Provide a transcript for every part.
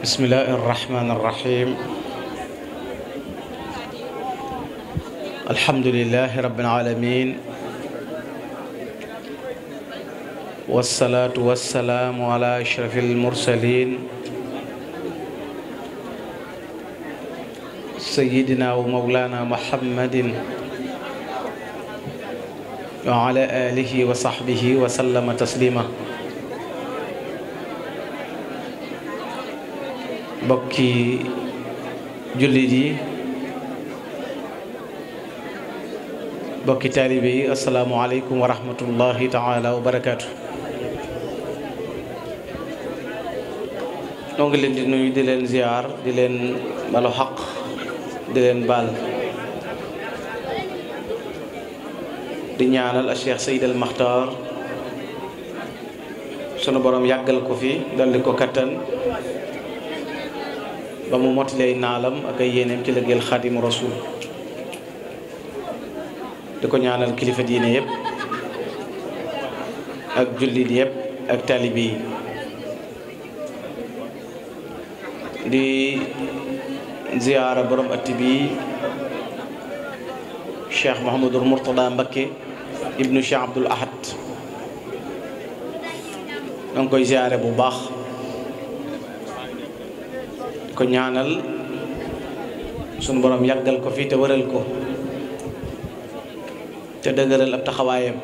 bismillahi irrahmani irrahim alhamdulilahi rabilalamin wasalaatu wasalaamu ala ashrafi almursalin sayidina wa maulana muhammadin wa ala alihi wa sahbihi wa sallama taslima bokki jullit yi bokki taalibe yi asalaamualeykum wa rahmatullahi taala wa barakaatu. noo ngi leen di nuyu di leen ziar di leen balu xaq di leen baal di ñaanal a Cheikh Seyd al Maxtaar sunu boroom yàggal ko fi daldi ko kattan ba mu mottalee naalam ak ay yéeneem ci liggéeyal xaadimu rasuul di ko ñaanal kilifa diine yëpp ak jullit yëpp ak taalibe yi di ziyaara borom atti bi cheikh Mouhamadul Mourtada Mbakke ibnu cheikh Abdoul Ahad danga koy ziyaare bu baax. ko ñaanal sunu borom yàggal ko fii te wëral ko te dëgëral ab taxawaayam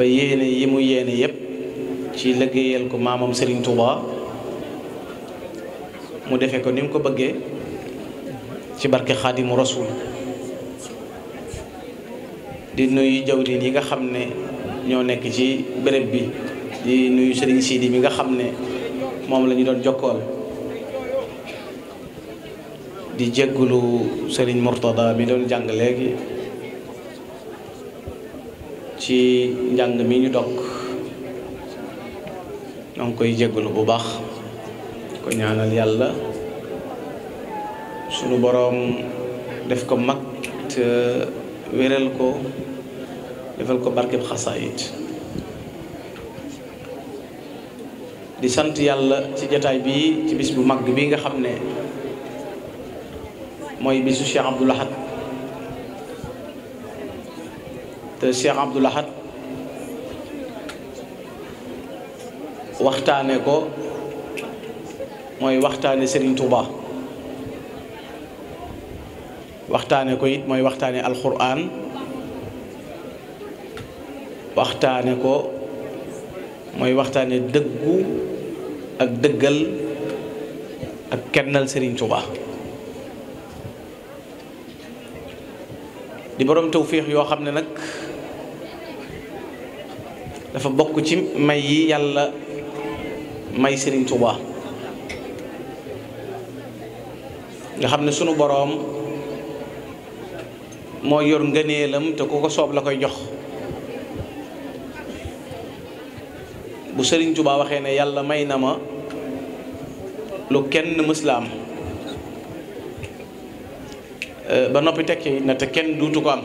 ba yéene yi mu yéene yépp ci liggéeyal ko maamam sëriñ Touba mu defe ko ni mu ko bëggee ci barke Xaadimu Rasuul di nuyu jawriñ yi nga xam ne ñoo nekk ci bërëb bi di nuyu sëriñ Sidi mi nga xam ne moom la doon jokkool di jéggulu Serigne Mourtada bi doon jàng léegi ci njàng mi ñu dog ñoo ngi koy jéggulu bu baax ko ñaanal yàlla sunu boroom def ko mag te wéral ko defal ko barkeb xasaayit di sant yàlla ci jataay bii ci bis bu mag bi nga xam ne mooy bisu Cheikh Abdoul Ahad te Cheikh Abdoul waxtaane ko mooy waxtaane Serigne Touba waxtaane ko it mooy waxtaane alxuraan waxtaane ko mooy waxtaane dëggu ak dëggal ak kennal Sëriñ Tuuba di boroom féex yoo xam ne nag dafa bokk ci may yi yàlla may Sëriñ Tuuba nga xam ne sunu boroom moo yor ngëneelam te ku ko soob la koy jox bu Sëriñ Tuubaa waxee ne yàlla may na ma lu kenn mës la am euh, ba noppi tekki na te kenn duutu ko am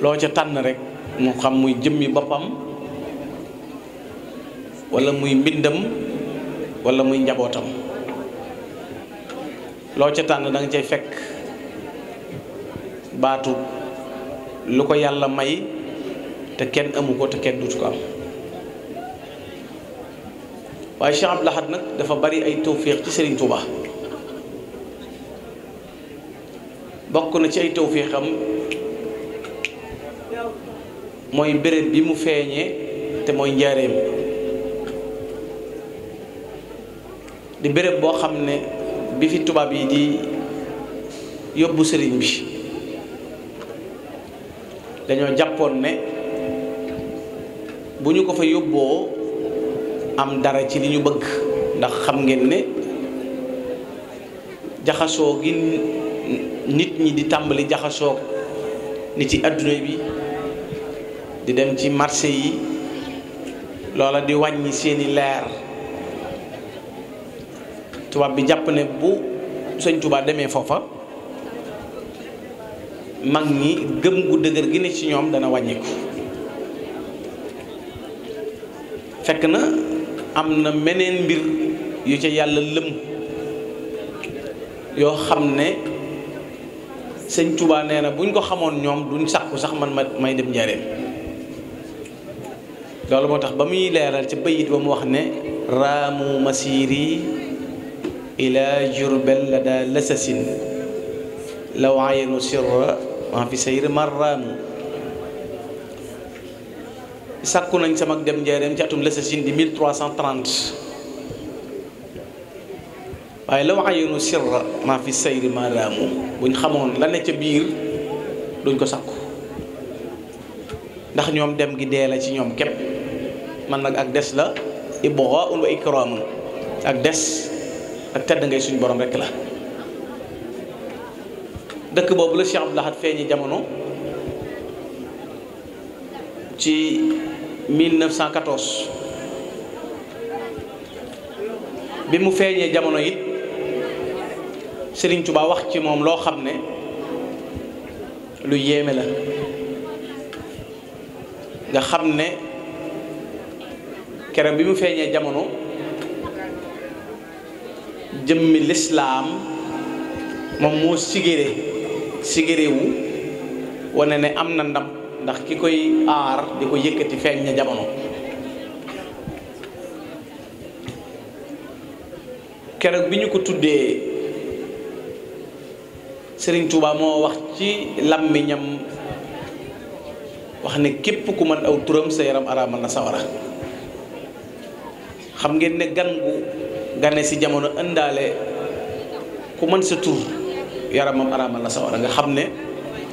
loo ca tànn rek mu xam muy jëmmi boppam wala muy mbindam wala muy njabootam loo ca tànn danga cay fekk baatu lu ko yàlla may te kenn amu ko te kenn duutu ko am waaye Cheikh Abdoul nag dafa bari ay tawféex ci Serigne Touba bokk na ci ay tawféexam mooy béréb bi mu feeñee te mooy njaareem di béréb boo xam ne bi fi tubaab yi di yóbbu sëriñ bi dañoo jàppoon ne bu ñu ko fa yóbboo am dara ci li ñu bëgg ndax xam ngeen ne jaxasoo gi nit ñi di tàmbali jaxasoo nit ci adduna bi di dem ci marché yi loola di wàññi seeni leer tubaab bi jàpp ne bu sëñ Tuubaa demee foofa mag ñi gëm gu dëgër gi ne ci ñoom dana wàññiku fekk na am na meneen mbir yu ca yàlla lëm yoo xam ne sëñ Touba nee na buñ ko xamoon ñoom duñ sàkku sax man may dem njaareem loolu moo tax ba muy leeral ca bayit ba mu wax ne raamu masiri ila jurbel la daa lësasin law ayenu sirra ma fi sayri marraamu sàkku nañ sama dem njaareem ci atum lësësin di 1330 waaye la wax ayinu sirra maa fi sayri maaraamu buñ xamoon la ne ca biir duñ ko sàkku ndax ñoom dem gi dee la ci ñoom képp man nag ak des la ibghaa'un wa ikraamun ak des ak tedd ngay suñu borom rekk la dëkk boobu la Cheikh Abdoul Ahad feeñi jamono ci 1914 bi mu feeñee jamono it Serigne Touba wax ci moom loo xam ne lu yéeme la nga xam ne keroog bi mu feeñee jamono jëmmi lislaam moom moo sigéré sigéré wane ne am na ndam ndax ki koy aar di ko yëkkati feeñ na jamono keroog bi ñu ko tuddee sëriñ Touba moo wax ci làmmiñam wax ne képp ku mën aw turam sa yaram araamal na sawara xam ngeen ne gan gu gane si jamono ëndaale ku mën sa tur yaramam araamal na sawara nga xam ne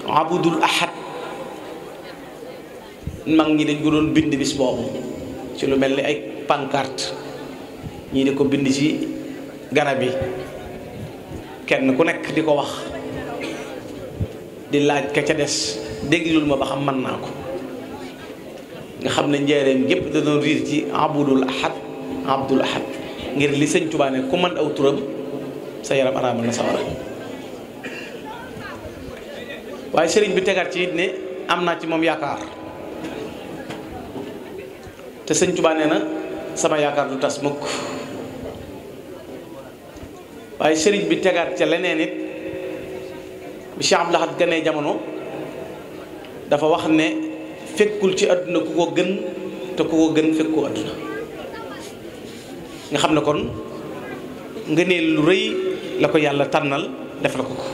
abudul ahad mag ñi dañ ko doon bind bis boobu ci lu mel ni ay pancarte ñii di ko bind ci garab yi kenn ku nekk di ko wax di laaj ka ca des déglul ma ba xam mën naa ko nga xam ne njaareem gépp da riir ci abdul ahad abdul ahad ngir li sëñ Tuubaa ne ku man aw turam sa yaram araamal na sawara waaye sëriñ bi tegaat ci it am naa ci moom yaakaar te sëñ Tuubaa na sama yaakaar lu tas mukk waaye sëriñ bi tegaat ca leneen it bi si am Lahad ganee jamono dafa wax ne fekkul ci àdduna ku ko gën te ku ko gën fekkoo àdduna nga xam ne kon nga ne lu rëy la ko yàlla tànnal def la ko ko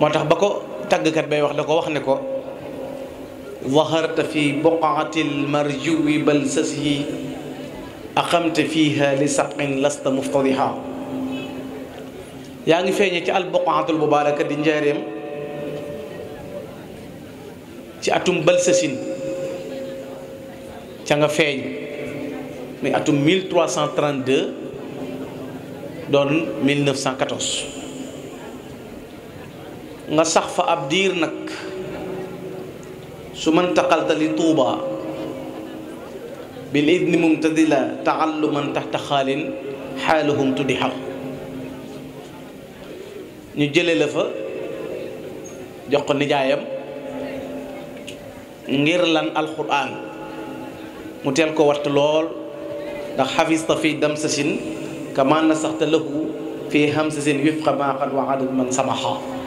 moo tax ba ko tàggkat bay wax la ko wax ne ko ظهرت في بقعة المرجو بلسته أقمت فيها لسق لست مفتضحا yaa ngi feeñee ci albuqaatul mubaaraka di njaareem ci atum balsasin ca nga feeñ muy atum 1332 doon 1914 nga sax fa ab diir nag su ma taqalta li tuuba bil idni mumtadila taalluman taxta xaalin xaaluhum di xam ñu jële la fa jox ko nijaayam ngir lan alquran mu teel ko watt lool ndax xafista fi damsasin kama nasaxta lahu fi hamsasin wifqa maa qad waada man samaxa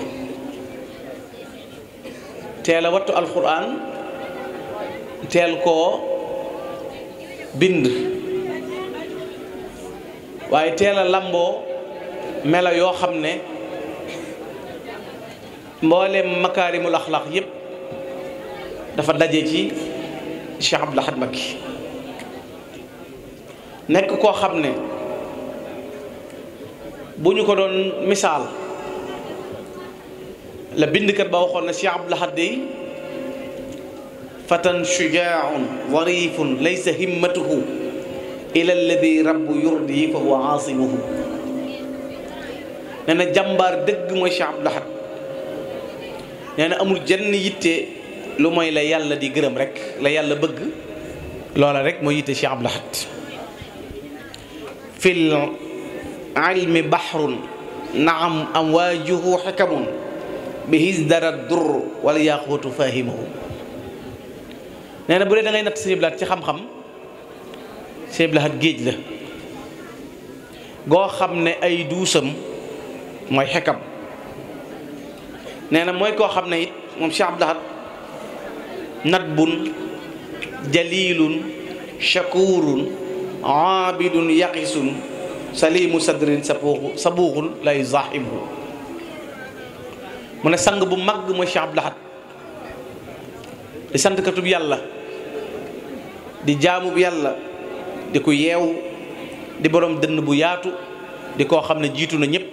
teela a wattu alxuraan teel koo bind waaye teel a melo yoo xam ne mboole mbooleem lax axlaq yépp dafa daje ci Cheikh Abdoul Ahad Mbacké nekk koo xam ne bu ñu ko doon misaal la bindkat ba waxoon na Cheikh Abdou Lahad dey fatan shujaaun zarifun laysa himmatuhu ila alladi rabbu yurdi fa huwa aasimuhu nee na jàmbaar dëgg mooy Cheikh Abdou Lahad nee na amul jenn yitte lu mooy la yàlla di gërëm rek la yàlla bëgg loola rek mooy yitte Cheikh Abdou Lahad fil ilmi bahrun naam am waajuhu xikamun bi his dara dur wala yaaxootu fahimahu nee na bu dee da ngay natt Sëñ Abdou ci xam-xam Sëñ Abdou géej la goo xam ne ay duusam mooy xekam nee na mooy koo xam ne it moom Cheikh Abdou Lahad nadbun jalilun shakurun aabidun yaqisun salimu sadrin sabuuxun la yuzaahimhu mu ne sang bu mag mooy Cheikh Abdou laxat di sant yàlla di jaamub yàlla di ku yeew di borom dënn bu yaatu di koo xam ne jiitu na ñëpp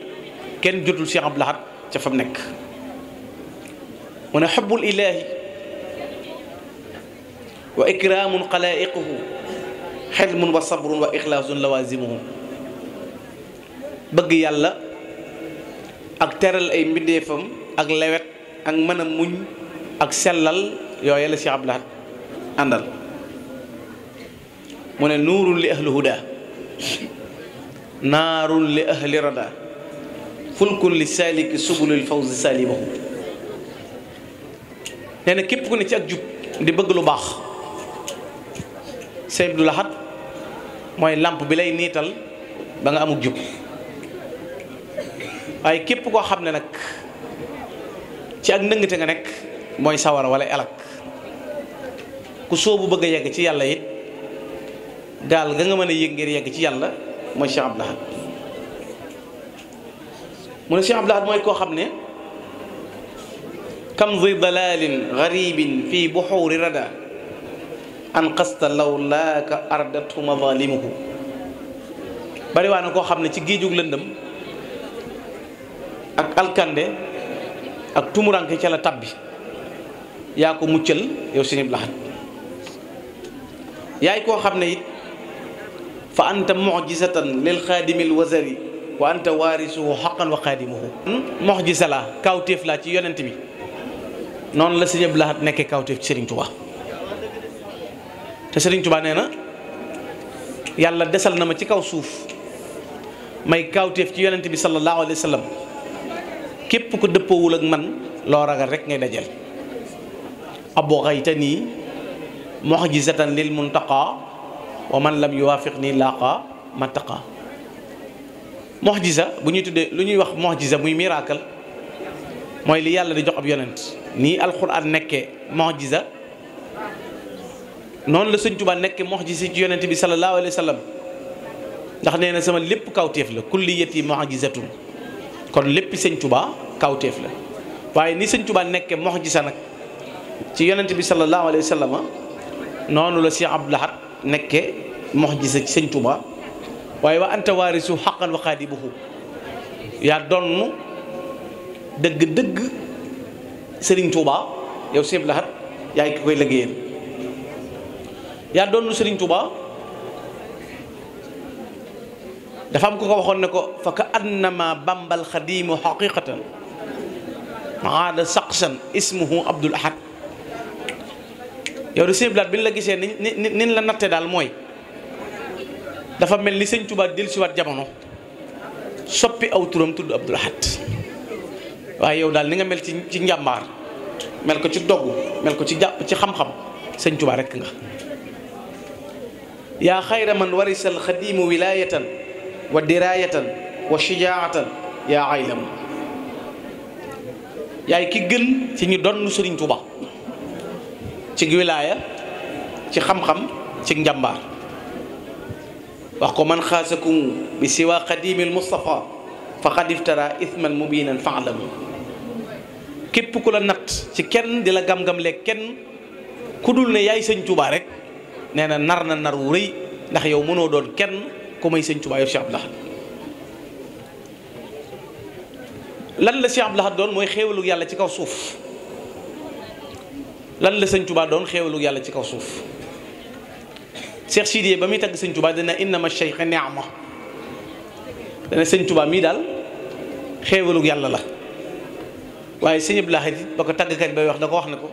kenn jotul Cheikh Abdou Lahad ca fa nekk mu ne xubbul ilaahi wa ikraamun xalaayiquhu xelmun wa sabrun wa ixlaasun lawaazimuhu bëgg yàlla ak teral ay mbindeefam ak lawet ak mën a muñ ak sellal yooye la Cheikh Abdou Lahad àndal mu ne nuurun li ahli huda naarun li ahli rada fulkun li saaliki subulil fawzi saalibahu nee képp ku ne ci ak jub di bëgg lu baax Cheikh Abdou Lahad mooy làmp bi lay niital ba nga amuk jub waaye képp koo xam ne nag ci ak ndëngte nga nekk mooy sawara wala elak ku soobu bëgg a yegg ci yàlla it gaal ga nga mën a yëg ngir yegg ci yàlla mooy Cheikh Abdou Lahad mu ne Cheikh Abdou Lahad mooy koo xam ne kam zi dalalin garibin fi buxuuri rada an qasta law laaka ardatu mazalimuhu bari waa koo xam ne ci géejug lëndëm ak alkande ak tumuranke ca la tabbi yaa ko muccal yow sëñ Abdul yaay koo xam ne it fa anta mucjisatan lil xaadimil wazari wa anta waarisuhu xaqan wa xaadimuhu hmm? mucjisa laa kawtéef laa ci yonent bi noonu la sëñ Abdul Ahad nekkee kawtéef ci Sëriñ Tuubaa te Sëriñ Tuubaa nee na yàlla desal na ma ci kaw suuf may kawtéef ci yonent bi sallallahu alayhi wa képp ko dëppoowul ak man loo ragal rek ngay dajal abxayta nii mu'jizatan lil muntaqa wa man lam yuwaafiq nii laaqa mattaqa mu'jiza bu ñuy tuddee lu ñuy wax mu'jiza muy miracle mooy li yàlla di jox ab yonent nii alxuraan nekkee mu'jiza noonu la sëñ Tuubaa nekkee mu'jiza ci yonent bi sallallahu alayhi wa sallam ndax nee na sama lépp kawteef la kulliyati mu'jizatun kon lépp sëñ tubaa kawteef la waaye ni sëñ tubaa nekke mox ji sa nag ci yonent bi sallallahu alayhi wa sallam noonu la Cheikh ab Lahad nekke mox ji ci sëñ tubaa waaye wa anta waarisu xaqan wa xaadibuhu yaa donn dëgg-dëgg sëriñ tubaa yow Cheikh Abdou Lahad yaay ki koy liggéeyal yaa donn sëriñ tubaa dafa am ko ko waxoon ne ko fa ka annama bambal xadiimu xaqiqatan aada saqsan ismuhu abdul ahad yow di sëñ bi ñu la gisee ni ni la natte daal mooy dafa mel ni sëñ Tuubaa dellu siwaat jamono soppi aw turam tudd abdul ahad waaye yow daal ni nga mel ci ci njàmbaar mel ko ci dogg mel ko ci jàpp ci xam-xam sëñ Tuubaa rek nga yaa xayra man warisal xadiimu wilaayatan wa diraayatan wa shijaatan yaa aylam yaay ki gën ci ñu donn Sëriñ Tuuba ci wilaaya ci xam-xam ci njàmbaar wax ko man xaasakum bi siwa xadimil Mustafa fa xad iftara mubinan faalamu képp ku la natt ci kenn di la gam-gam kenn ku dul ne yaay Sëñ Tuuba rek nee na nar na nar wu rëy ndax yow mënoo doon kenn ku may sëñ Tuubaa yor Cheikh Abdou lan la Cheikh Abdou Lahad doon mooy xéewalu yàlla ci kaw suuf lan la sëñ doon xéewalu yàlla ci kaw suuf Cheikh Sidiye ba muy tagg sëñ Tuubaa dana innama cheikh niama dana sëñ Tuubaa mii daal xéewalu yàlla la waaye sëñ Abdou Lahad it ba ko tàggkat bay wax da ko wax ne ko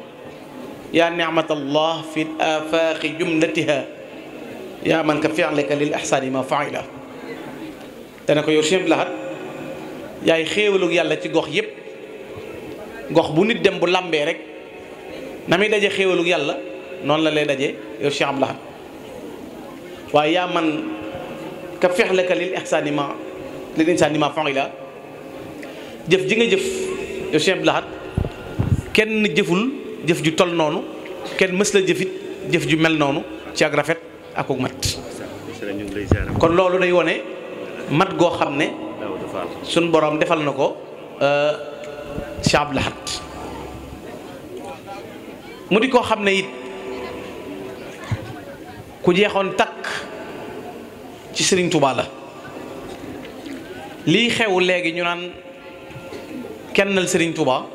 yaa ni'matallah fi afaqi jumlatiha yaa man ka fi'laka lil ihsani ma fa'ila dana ko yow Cheikh Abdou yaay xéewalug yàlla ci gox yépp gox bu nit dem bu làmbee rek na muy daje xéewalug yàlla noonu la lay daje yow Cheikh Abdou waaye man ka fi'laka lil ihsani ma lil jëf ji nga jëf yow Cheikh Abdou kenn jëful jëf ju tol noonu kenn mës la jëfit jëf ju mel noonu ci ak rafet ak mat kon loolu day wone mat goo xam ne suñ boroom defal na ko euh, Cheikh Abdou mu di koo xam ne it ku jeexoon takk ci Sëriñ Tuubaa la lii xew léegi ñu naan kennal Sëriñ Tuubaa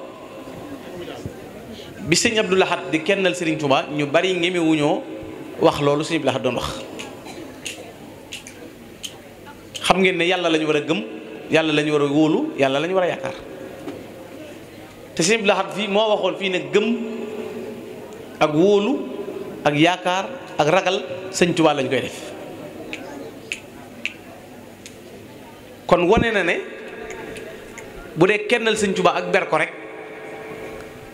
bi Sëriñ Abdou Lahad di kennal Sëriñ Tuubaa ñu bari ñemewuñoo wax loolu suñu bilax doon wax xam ngeen ne yàlla lañu war a gëm yàlla la war a wóolu yàlla la war a yaakaar te suñu laxat fii moo waxoon fii ne gëm ak wóolu ak yaakaar ak ragal sëñ Tuubaa lañ koy def kon wone na ne bu dee kennal sëñ Tuubaa ak ber ko rek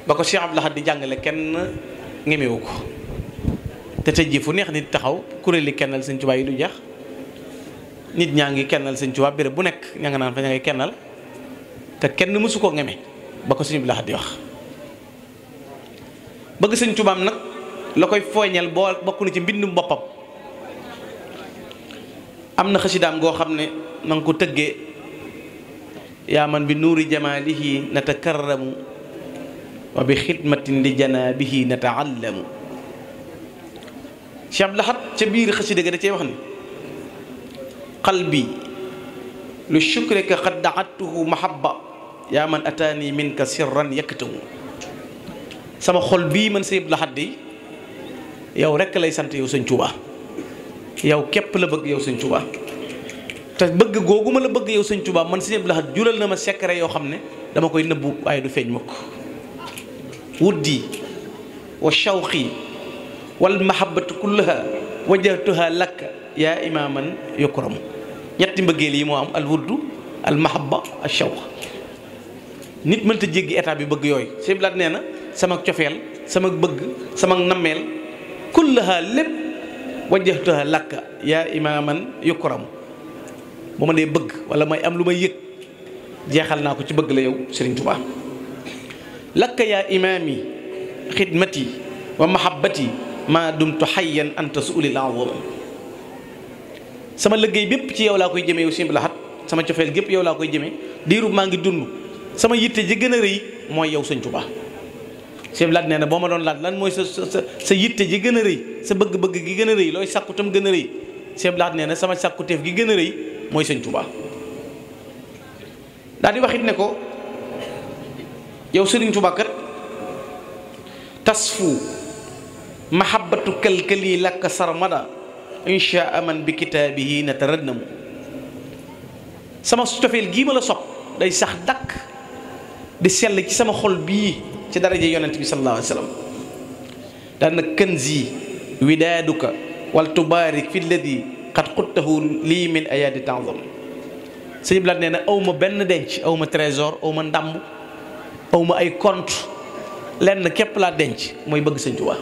ba ko Cheikh laxat Ahad di jàngale kenn ñemewu ko te tëj ji fu neex nit taxaw kuréeli kennal sëñ Tuubaa yi du jeex nit ñaa ngi kennal sëñ Tuubaa béréb bu nekk ña nga naan fa ña kennal te kenn mësu ko ngeme ba ko suñu bilaxat di wax bëgg sëñ Tuubaam nag la koy fooñal boo bokk na ci mbindum boppam am na xasidaam goo xam ne nanga ko tëggee yaa man bi nuuri jamaalihi natakarramu wa bi xidmatin li janaabihi nataallamu Cheikh Abdou ca biir xasida ga da cee wax ni qalbi lu shukrika qad daatuhu mahabba yaa man ataani minka sirran yaktamu sama xol bii man Sëñ Abdou Lahad di yow rekk lay sant yow Sëñ Tuubaa yow képp la bëgg yow Sëñ Tuubaa te bëgg googu ma la bëgg yow Sëñ Tuubaa man Sëñ Abdou Lahad jural na ma secret yoo xam ne dama koy nëbbu waaye du feeñ mukk wuddi wa shawqi wal mahabbatu kullaha wajjahtuha lakka yaa imaaman yukramu ñetti mbëggeel yi moo am al wuddu al mahabba al shawq nit mënta jéggi état bi bëgg yooyu sëñ Blaat nee na sama cofeel sama bëgg sama nammeel kullaha lépp wajjahtuha lakka yaa imaaman yukramu bu ma dee bëgg wala may am lu may yëg jeexal naa ko ci bëgg la yow Serigne Touba lakka yaa imaami xidmati wa mahabbati maa dumtu xayyan anta suulil azam sama liggéey bépp ci yow laa koy jëmee yow Sëñ Abdou sama cofeel gépp yow laa koy jëmee diirub maa ngi dund sama yitte ji gën a rëy mooy yow Sëñ Tuubaa Sëñ Abdou Lahad na boo ma doon laaj lan mooy sa sa ji gën a rëy sa bëgg-bëgg gi gën a rëy looy sàkku gën a rëy Sëñ Abdou Lahad nee na sama sàkkuteef gi gën a rëy mooy Sëñ Tuubaa daal di waxit ne ko yow Sëriñ Tuubaa kat tasfu mahabbatu kalkali lakk sarmada insha aman bi na nataradnamu sama cofeel gii ma la sopp day sax dakk di sell ci sama xol bii ci daraje yonent bi sallallahu alayhi wa sallam daan na kanzi widaaduka wal tubaarik fi lladi qad xuttahu lii min ayaadi tanzam nee na aw ma benn denc aw ma trésor aw ma ndàmb aw ma ay kont lenn képp laa denc mooy bëgg sëñ Tuubaa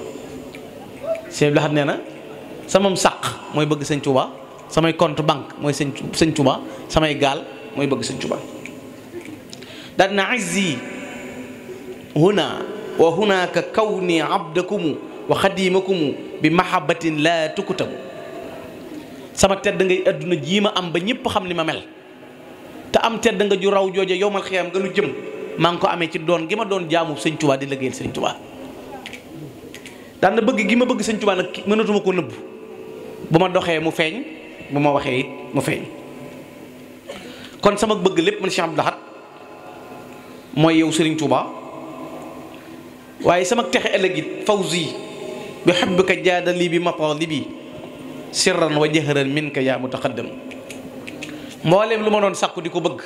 sëñ Abdou Lahad nee na samam sàq mooy bëgg sëñ Touba samay compte banque mooy sëñ sëñ samay gaal mooy bëgg sëñ Touba daal na azzi huna wa hunaka kawni abdakumu wa xadimakumu bi mahabatin la tukutabu sama tedd ngay adduna jii ma am ba ñëpp xam ni ma mel te am tedd nga ju raw jooje yowmal xiyaam nga lu jëm maa ngi ko amee ci doon ngi ma doon jaamu sëñ Touba di liggéeyal sëñ Touba daan na bëgg gi ma bëgg sëñ Tuubaa nag mënatuma ko nëbb bu ma doxee mu feeñ bu ma waxee it mu feeñ kon sama bëgg lépp man Cheikh Abdou Lahad mooy yow sëriñ Tuubaa waaye sama texe ëllëg it fawzi bi hubbika jaadali bi matalibi sirran wa jahran minka yaa mutaqaddam mbooleem lu ma doon sàkku di ko bëgg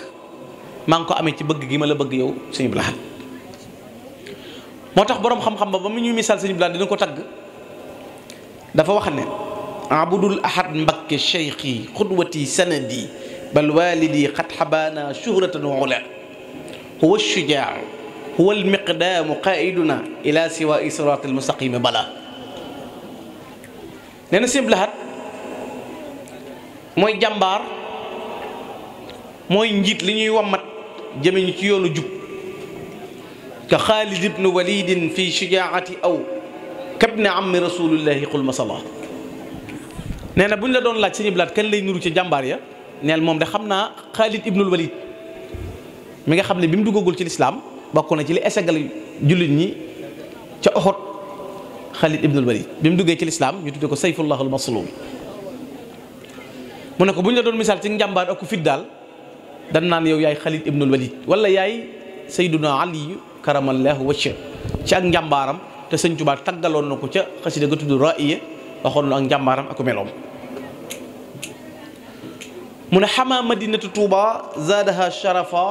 maa ngi ko amee ci bëgg gi ma la bëgg yow sëñ Abdou Lahad moo tax boroom xam-xam ba ba mu ñuy misaal sëñ bi daal ko tagg dafa wax ne abdul ahad mbakke cheikhi xudwati sanadi bal walidi xat xabaana shuhratan wa ula huwa shujaa huwa almiqdaamu qaiduna ila siwa sirat almustaqimi bala nee na sëñ bi mooy jàmbaar mooy njiit li ñuy wammat jëme ñu ci yoonu jub ka xaalid ibnu walidin fi shujaati aw kabni ammi rasulillahi xul masala nee na bu ñu la doon laaj sëñ Abdu Lahat kan lay nuru ci jàmbaar ya neel moom de xam naa xaalid ibnul walid mi nga xam ne bi mu duggagul ci lislaam bokk na ci li esegal jullit ñi ca oxot xaalid ibnul walid bi mu duggee ci lislaam ñu tudde ko sayfullah al maslul mu ne ko bu ñu la doon misaal ci njàmbaar ak fit daal dan naan yow yaay xaalid ibnul walid wala yaay sayduna ali karamallahu wacca ci ak njàmbaaram te sëñ Tuubaa taggaloon na ko ca xasida ga tudd raiya waxoon na ak njàmbaaram ak meloom mu ne xamaa madinatu Touba zaadaha sharafa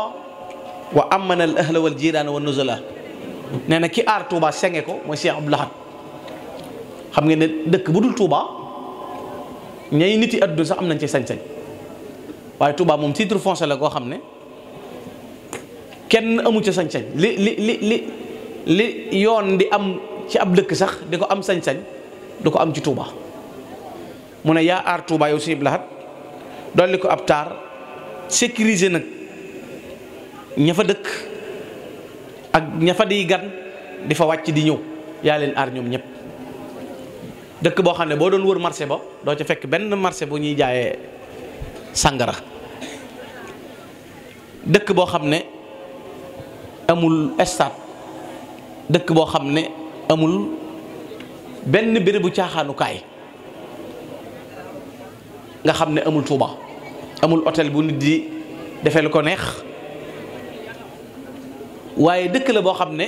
wa amana al jiraan wa nuzala nee ki aar Touba senge ko mooy Cheikh Abdou Lahad xam ngeen dëkk bu dul Touba ñay niti adduna sax am nañ ci sañ-sañ waaye Touba moom titre foncier la koo xam ne kenn amu ca sañ-sañ li li li li li yoon di am ci ab dëkk sax di ko am sañ-sañ du ko am ci Touba mu ne yaa aar Touba yow si Iblahat dolli ko ab taar sécuriser nag ña fa dëkk ak ña fa di gan di fa wàcc di ñëw yaa leen aar ñoom ñëpp dëkk boo xam ne boo doon wër marché ba doo ca fekk benn marché bu ñuy jaayee sàngara dëkk boo xam ne amul stade dëkk boo xam ne amul benn bérébu caaxaanukaay nga xam ne amul Touba amul otel bu nit di defee lu ko neex waaye dëkk la boo xam ne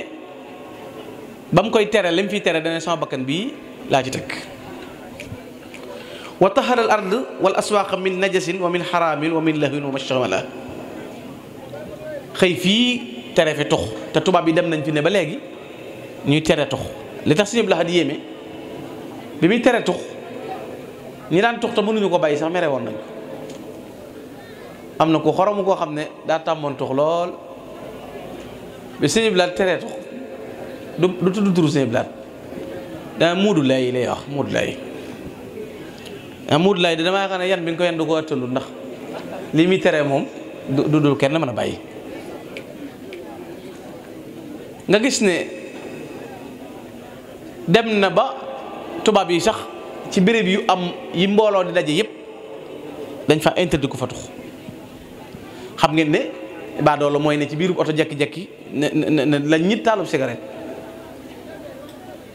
bam koy tere li fi tere dana sama bakkan bii laa ci teg wa tahara al ard wal aswaaq min najasin wa min xaraamin wa min lahwin wa mashtamala xëy fii tere fi tux te tubaab yi dem nañ fi ne ba léegi ñuy tere tux li tax suñu di yéeme bi muy tere tux ñi daan tux te mënuñu ko bàyyi sax mere woon nañ am na ku xoromu koo xam ne daa tàmmoon tux lool bi suñu blaat tere tux du du tudd turu suñu blaat daa muudu lay lay wax muudu lay ah muudu lay di damaa xam ne yan bi nga ko yan du ko ëttalu ndax lii muy tere moom du du kenn mën a bàyyi nga gis ne dem na ba tubaab yi sax ci béréb yu am yi mbooloo di daje yëpp dañ fa interdit ku fa tux xam ngeen ne baadoolo mooy ne ci biiru oto jekki-jekki ne ne la ñit taalub cigarette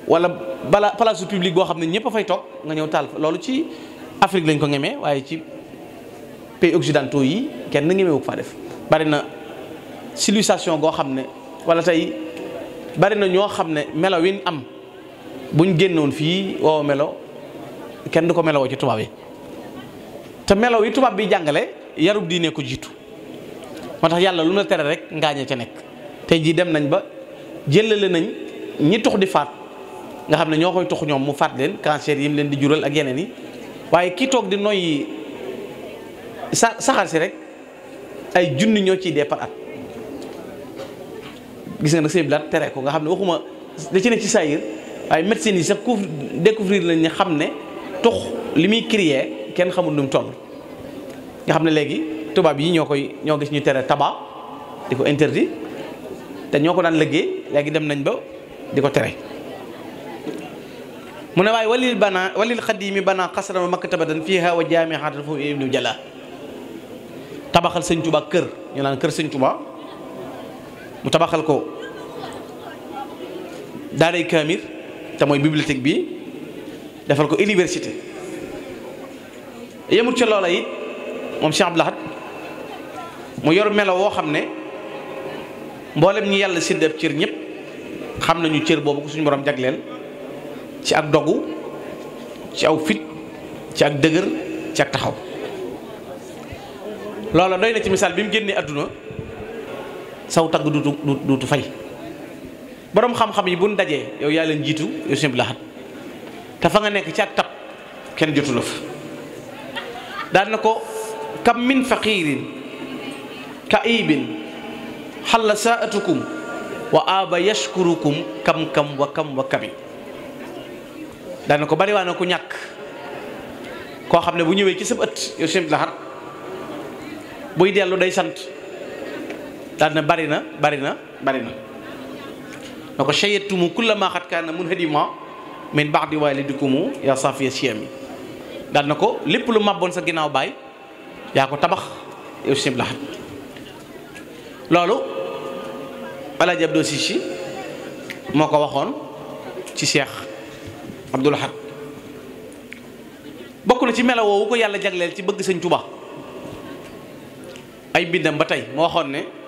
wala bala place publique boo xam ne ñëpp a fay toog nga ñëw taal loolu ci Afrique lañ ko ngemee waaye ci pays occidentaux yi kenn ngemewu ko faa def bari na civilisation goo xam ne wala tey bari na ñoo xam ne melo win am buñ génnoon fii woowa melo kenn du ko melowoo ci tubaab yi te melow yi tubaab bi jàngale yarub diine ko jiitu moo tax yàlla lu la tere rek ngaañe ca nekk tey jii dem nañ ba jëlale nañ ñi tux di faat nga xam ne ñoo koy tux ñoom mu faat leen cancer yi leen di jural ak yeneen yi waaye kii toog di noyyi sa saxaar si rek ay junni ñoo ciy dee par at gis nga nag sëñ bi daal tere ko nga xam ne waxuma da ci ne ci saayir waaye médecine yi sax couvre découvrir lañ ne xam ne tux li muy créer kenn xamul nu mu toll. nga xam ne léegi tubaab yi ñoo koy ñoo gis ñu tere tabac di ko interdit te ñoo ko daan liggéey léegi dem nañ ba di ko tere. mu ne waaye walil bana walil xadiimi bana xasran wa maktabatan fiiha wa jaamiatan foofu ibnu jala tabaxal sëñ Tuba kër ñu naan kër sëñ Tuba. mu tabaxal ko daaray kaamir te mooy bibliothèque bi defal ko université yemut ca loola it moom Cheikh Abdou Lahad mu yor melo woo xam ne mboolem ñi yàlla sédd ab cër ñëpp xam nañu cër boobu ko suñu borom jagleel ci ak dogu ci aw fit ci ak dëgër ci ak taxaw loola doy na ci misaal bi mu génnee àdduna saw tagg dutu dutu fay borom xam-xam yi bu dajee yow yaa leen jiitu yow simb laxat te nga nekk ci ak tab kenn jotu fa daan na ko kam min faqiirin kaibin xalla saatukum wa aba yashkurukum kam kam wa kam wa kabi daan ko bari ku ñàkk koo xam ne bu ñëwee ci sab ëtt yow simb laxat buy dellu day sant daal na bari na bari na bari na na ko shayatumu kullama xat kaana mun hadima min baax di waalidikumu yaa safiya siyam yi daal na ko lépp lu màbboon sa ginnaaw baay yaa ko tabax yow sim laxat loolu alaaji Abdou moo ko waxoon ci Cheikh Abdou Lahad bokk na ci melo woowu ko yàlla jagleel ci bëgg sañ Tuba ay bindam ba tey moo waxoon ne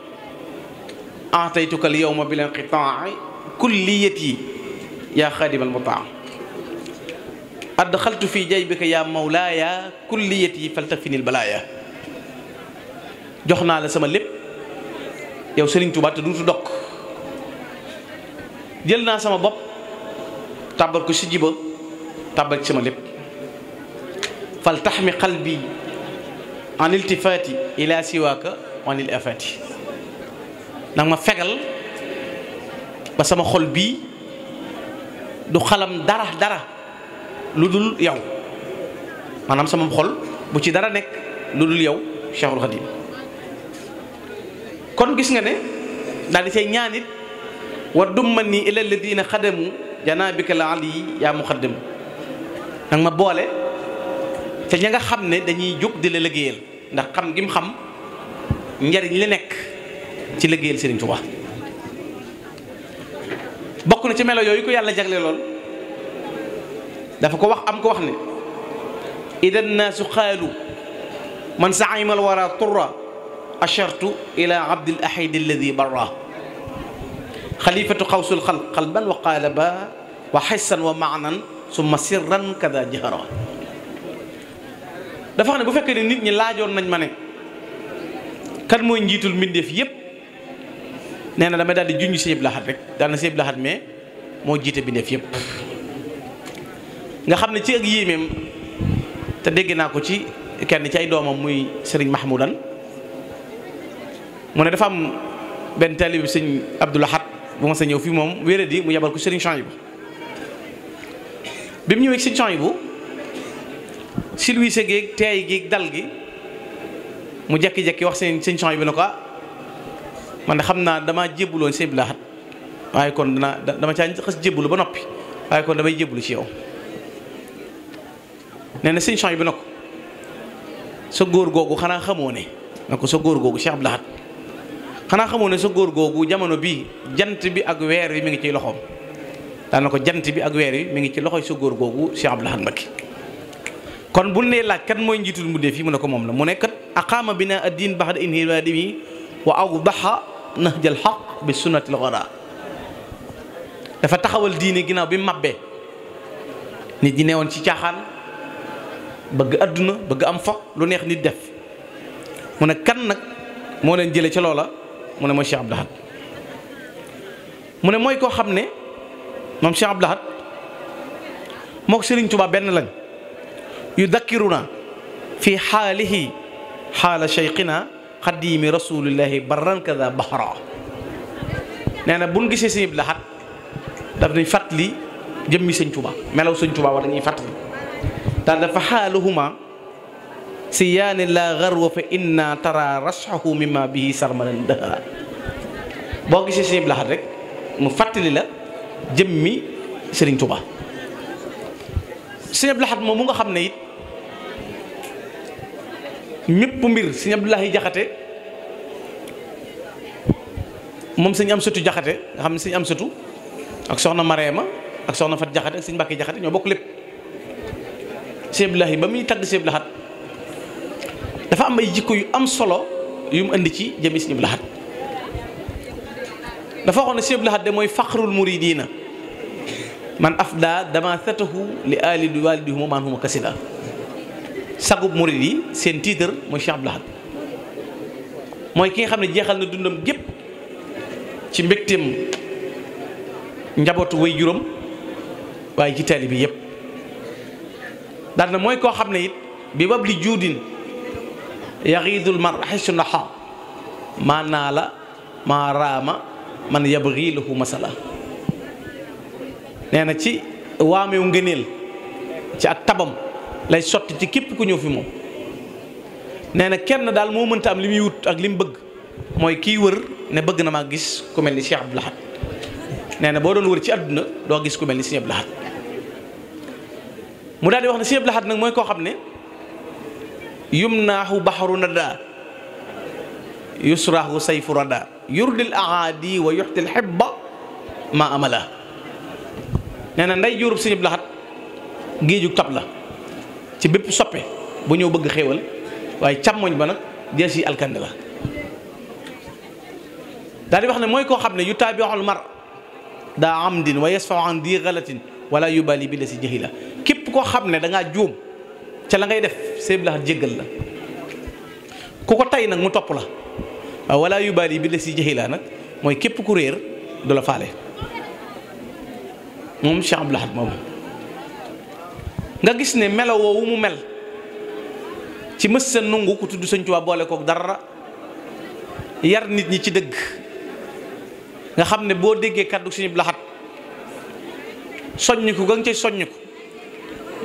ataytuka al yawma bil inqitaai kulliyati yaa xaadimal mutaa adxaltu fi jaybika yaa mawlaaya kulliyati faltafinil balaaya jox naa la sama lépp yow Serigne Touba te duutu dokk jël naa sama bopp tàbbal ko si jiba tàbbal ci sama lépp faltaxmi qalbi an iltifaati ila siwaaka wa an il afaati nag ma fegal ba sama xol bii du xalam dara dara lu dul yow maanaam sama xol bu ci dara nekk lu dul yow Cheikhul Khadim kon gis nga ne daal di say ñaan it wa dumma nii ila alladina xadamu bi la ali yaa muqaddam nag ma boole te ña nga xam ne dañuy jóg di la liggéeyal ndax xam gi mu xam njariñ li nekk ci liggéeyal Serigne Touba bokk na ci melo yooyu ko yàlla jagle loon dafa ko wax am ko wax ne idan naasu xaalu man saimal wara turra ashartu ila abdil ahid alladi barra xalifatu xawsul xalq qalban wa qaalaba wa xissan bu fekkee ne nit ñi laajoon nañ ma ne kan mooy njiitul mbindeef yépp nee na damay daal di junj sëñ Abdou Lahad rek daal na sëñ Abdou Lahad mais moo jiite bindeef yëpp nga xam ne ci ak yéemeem te dégg naa ko ci kenn ci ay doomam muy sëriñ Mahmoudan mu ne dafa am benn taalibe sëñ Abdou Lahad bu ma sa ñëw fii moom wéeréer di mu yabal ko sëriñ Chouaïbou bi mu ñëwee sëriñ Chouaïbou silwiise géeg teey géeg dal gi mu jekki-jekki wax sëñ sëñ bi ne ko man de xam naa damaa jébbuloon sëñ bi laaxat waaye kon danaa dama ca xas jébbulu ba noppi waaye kon damay jébbulu ci yow nee na sëñ Cheikh bi na ko sa góor googu xanaa xamoo ne na ko sa góor googu Cheikh Abdou Lahad xanaa xamoo ne sa góor googu jamono bii jant bi ak weer wi mu ngi ci loxoom daan na ko jant bi ak weer wi mu ngi ci loxoy sa góor googu Cheikh Abdou Lahad Mbacké kon bu ne laaj kat mooy njiitul mu def yi mu ne ko moom la mu ne kat aqaama bina nahjal xaq bi sunnatil xora dafa taxawal diine ginnaaw bi mabbee nit ñi woon ci caaxaan bëgg àdduna bëgg am fo lu neex nit def mu ne kan nag moo leen jële ca loola mu ne mooy Cheikh Abdou Lahad mu ne mooy koo xam ne moom Cheikh Abdou Lahad mook Sëriñ Tuubaa benn lañ yu dakkiru fi xaalihi xaala cheyqina xaddiimi rasuulillaahi barran kada baxra nee na buñ gisee sëñ Abdou Lahad daf nañ fàttali jëmmi sëñ Tuba melaw sëñ Tuba wala ñuy fàttali daal dafa xaaluhuma si yaani laa garwa fa inna tara rashahu mimma bihi sarmalan dëhra boo gisee sëñ Abdou rek mu fàttali la jëmmi sëriñ Tuba mu nga xam ne mépp mbir sëñ Abdoulahi Jaxate moom sëñ am sëtu Jaxate nga xam ne sëñ am sëtu ak soxna Mareema ak soxna Fat Jaxate ak sëñ Mbàkke Jaxate ñoo bokk lépp sëñ Abdoulahi ba muy tagg sëñ Abdou dafa am ay jikko yu am solo yu indi ci jëmi sëñ Abdou Lahad dafa waxoon ne sëñ Abdou Lahad de mooy faxrul muridiina man afda dama satahu li ali walidihumu man huma kasida sagub murid yi seen titre mooy Cheikh Abdoul Ahad mooy ki nga xam ne jeexal na dundam gépp ci mbégteem njabootu way juróom waaye ci taalibe bi yëpp daal na mooy koo xam ne it bi bab li juudin yaxiidul mar xesu naxa maa naa la maa raama man yabgi lahu masala nee na ci waamewu ngëneel ci ak tabam lay sotti ci képp ku ñëw fi moom nee na kenn daal moo mënta am li muy wut ak li mu bëgg mooy kii wër ne bëgg na maa gis ku mel ni Cheikh Abdou Lahad nee na boo doon wër ci àdduna doo gis ku mel ni Cheikh Abdou Lahad mu daal di wax ne Cheikh Abdou Lahad nag mooy koo xam ne yumnaahu baxaru nada yusraahu sayfu rada yurdil ahaadi wa yuxtil xibba ma amala nee na nday juurub Cheikh laxat Lahad géejug tab la ci bépp soppe bu ñëw bëgg xéewal waaye càmmoñ ba nag jees yi alkande la daal di wax ne mooy koo xam ne yu taabioxal mar daa amdin wa yasfau an di galatin wala yubali bi la si jëhi la képp koo xam ne da ngaa juum ca la ngay def seeb la jéggal la ku ko tay nag mu topp la waaw wala yubali bi la si jëhi la nag mooy képp ku réer du la faale moom Cheikh Abdoul Ahad moom nga gis ne melo woowu mu mel ci mës sa nungu ku tudd Sëñ Tuubaa boole kook dara yar nit ñi ci dëgg nga xam ne boo déggee kàddu Sëñ Abdu Lahat ga nga cay soññiku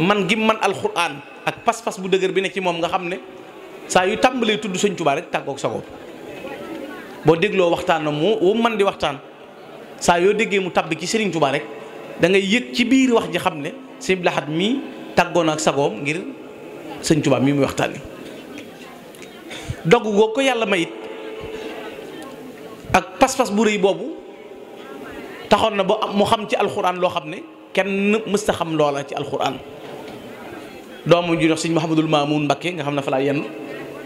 man gi man alxuraan ak pas-pas bu dëgër bi ne ci moom nga xam ne saa yu tàmbalee tudd Sëñ Tuubaa rek sa bopp boo dégloo waxtaanam mu wu man di waxtaan saa yoo déggee mu tàbbi ci Sëriñ Tuubaa rek da ngay yëg ci biir wax ji xam ne Sëñ laxat mii tàggoon ak sagoom ngir sëñ Tuubaa mi muy waxtaane dogg goo ko yàlla mayit ak pas-pas bu rëy boobu taxoon na ba mu xam ci alxuraan loo xam ne kenn mësta xam loola ci alxuraan doomu ju dox mu Mouhamadul Mamoun Mbakke nga xam ne fa laa yenn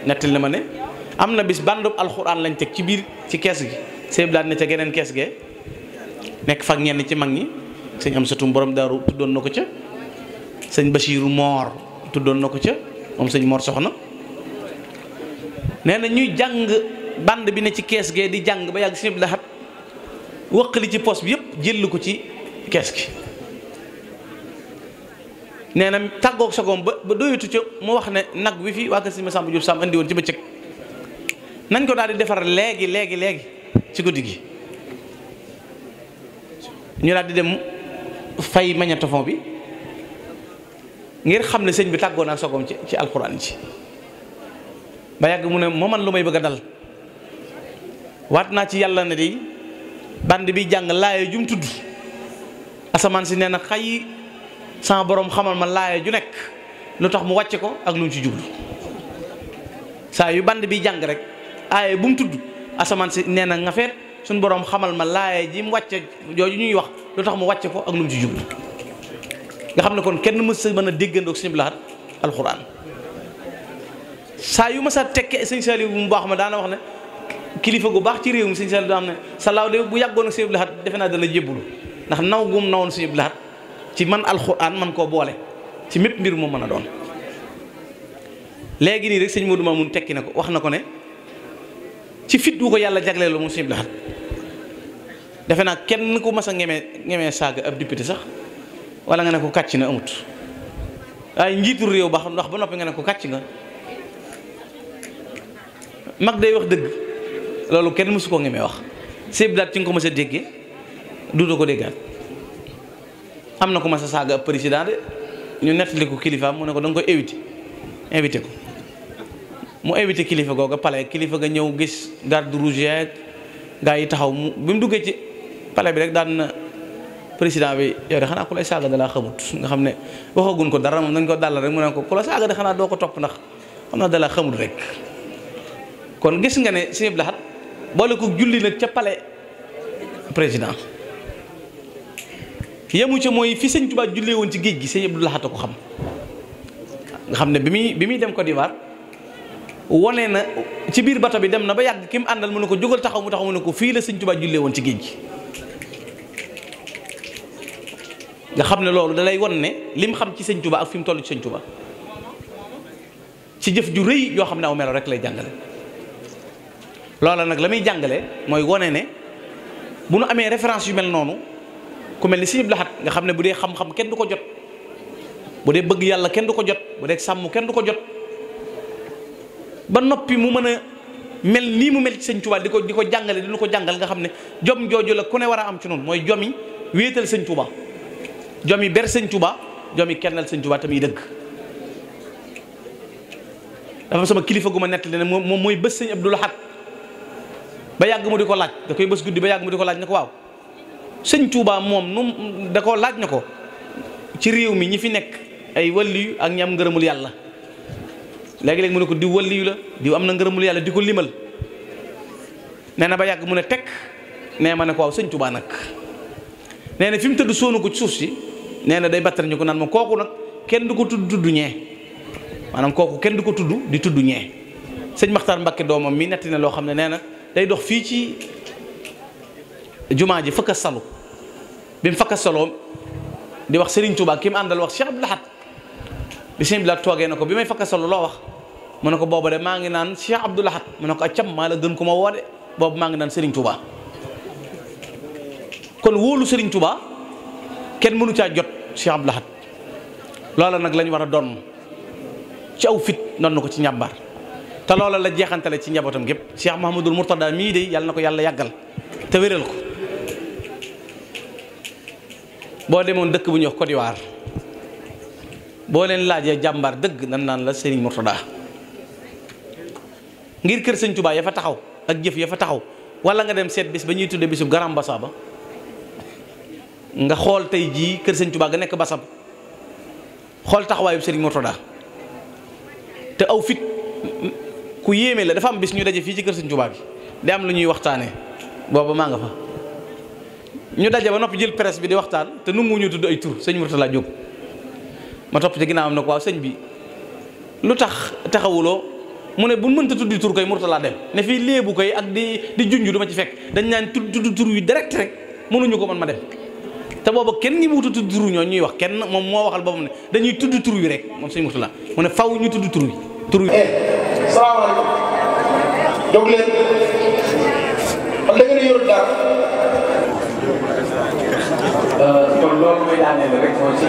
nettali na ma ne am na bis bandub alxuraan lañ teg ci biir ci kees gi seeb daal ne ca geneen kees gee nekk fa ak ci mag ñi sëñ am satum borom daaru tuddoon na ko ca sëñ Bachirou Moor tuddoon na ko ca moom sëñ Moor soxna nee na ñuy jàng band bi ne ci kees gee di jàng ba yàgg sëñ Abdou Lahad wëqali ci poos bi yëpp jël ko ci kees gi nee na tàggoog sagoom ba ba doyatu ca mu wax ne nag wi fii waa kër sëñ Masamba Diop Samb andi woon ci bëccëg nañ ko daal di defar léegi léegi léegi ci guddi gi ñu daal di dem fay magnetophone bi ngir xam ne sëñ bi tàggoon ak sogoom ci ci alxuraan ci ba yàgg mu ne moo man lu may bëgg a dal waat naa ci yàlla na de band bi jàng laaya jum tudd asamaan si nee na xay sama borom xamal ma laaya ju lu tax mu wàcce ko ak lu ci jublu saa band bi jàng rek aaya bu tudd asamaan si nee na nga feet suñ borom xamal ma laaya ji mu wàcce jooju ñuy wax lu tax mu wàcce ko ak lu mu ci jublu nga xam ne kon kenn mës sa mën a déggandoog sëñ Abdou alxuraan saa yu ma sa tekke sëñ Saliou bu mu baax ma daana wax ne kilifa gu baax ci réew mi sëñ Saliou daa bu yàggoon ak defe naa dana jébbalu ndax naw gum nawoon sëñ Abdou Lahad ci man alxuraan man koo boole ci mépp mbir mu mën a doon léegi rek sëñ Modou tekki na ko wax na ko ne ci fit yàlla jagleelu moom sëñ Abdou naa kenn ku mas a ngemee ngemee saaga ab député sax wala nga ne ko kàcc na amut waaye njiitu réew ba ndox ba noppi nga ne ko kàcc nga mag day wax dëgg loolu kenn mësu koo ngemee wax séeb daat ci nga ko mës a déggee duutu ko déggaat am na ko mës a saaga ab de ñu nettali ko kilifaam mu ne ko danga ko éviter invité ko mu invité kilifa googa palais kilifa ga ñëw gis garde rouge ak gaa taxaw mu bi mu duggee ci palais bi rek président bi yow de xanaa ku lay saaga da xamut nga xam ne waxagun ko dara moom nañ ko dàll rek mu ne ko ku la saaga de xanaa doo ko topp ndax xam naa da laa xamut rek kon gis nga ne Sëñ Abdou Lahad boole ko julli nag ca palais président yemu ca mooy fi sëñ tubaat jullee woon ci géej gi Sëñ Abdou ko xam nga xam ne bi muy bi muy dem Côte d'Ivoire wone na ci biir bato bi na ba yàgg ki mu àndal mu ne ko mu taxaw mu ne ko fii la sëñ Tuubaa jullee woon ci géej gi nga xam ne loolu dalay wan ne lim xam ci sëñ Tuba ak fi mu toll ci sëñ Tuba ci jëf ju rëy yoo xam ne aw melo rek lay jàngale loola nag la muy jàngale mooy wane ne bu nu amee référence yu mel noonu ku mel ni sëñ Abdul Ahad nga xam ne bu dee xam-xam kenn du ko jot bu dee bëgg yàlla kenn du ko jot bu dee sàmm kenn du ko jot ba noppi mu mën a mel nii mu mel ci sëñ Tuba di ko di ko jàngale di ko jàngal nga xam ne jom jooju la ku ne war a am ci noonu mooy jomi wéetal sëñ Tuba jom yi ber sëñ Tuba jom yi kennal sëñ Tuba tamit dëgg dafa sama kilifa gu ma nettali ne moom moom mooy bés sëñ la Lahad ba yàgg mu di ko laaj da koy bés guddi ba yàgg mu di ko laaj ne ko waaw sëñ Tuba moom nu da ko laaj ne ko ci réew mi ñi fi nekk ay waliyu ak ñi am ngërëmul yàlla léegi-léegi mu ne ko diw waliyu la diw am na ngërëmul yàlla di ko limal nee na ba yàgg mu ne teg nee ma ne ko waaw sëñ Tuba nag nee na fi mu tëdd sóonu ko ci suuf si nee na day battar ñu ko naan moom kooku nag kenn du ko tudd tudd ñee maanaam kooku kenn du ko tudd di tudd ñee sëñ Maxtaar Mbakke doomam mi netti na loo xam ne nee na day dox fii ci jumaa ji fakka salu bi mu fakka saloo di wax sëriñ Touba ki mu àndal wax Cheikh Abdou Lahad bi sëñ na ko bi may fakka salu loo wax mu ne ko booba maa ngi naan Cheikh Abdou Lahad mu ne ko accam la gën ko ma woo boobu maa ngi naan Serigne Touba kon wóolu Serigne tubaa kenn mënu caa jot Cheikh Abdou Lahad loola nag lañu war a doon ci aw fit noonu ko ci njàmbaar te loola la jeexantale ci njabootam gépp Cheikh Mahamadul Mourtada mii dey yàlla na ko yàlla yàggal te wéral ko boo demoon dëkk bu ñuy wax Côte d'Ivoire boo leen laajee jàmbaar dëgg nan naan la Serigne Mourtada ngir kër Sëñ Tuubaa ya fa taxaw ak jëf ya fa taxaw wala nga dem seet bis ba ñuy tuddee bisub Garam Bassa nga xool tey jii kër sëñ Tuubaa ga nekk basam xool taxawaayu sëriñ Murtada te aw fit ku yéeme la dafa am bis ñu daje fii ci kër sëñ Tuubaa bi di am lu ñuy waxtaanee booba maa nga fa ñu daje ba noppi jël presse bi di waxtaan te nu mu ñu tudd ay tur sëñ Murtada jóg ma topp ci am na ko waaw sëñ bi lu tax taxawuloo mu ne bu mënta tuddi tur koy Murtada dem ne fii léebu koy ak di di junj du ma ci fekk dañ naan tudd tudd tur yi direct rek mënuñu ko man ma dem te booba kenn ñi mu tudd tur ñoo ñuy wax kenn moom moo waxal boppam ne dañuy tudd tur wi rek moom sëñ Mourtala mu ne faw ñu tudd tur wi tur wi. Eh,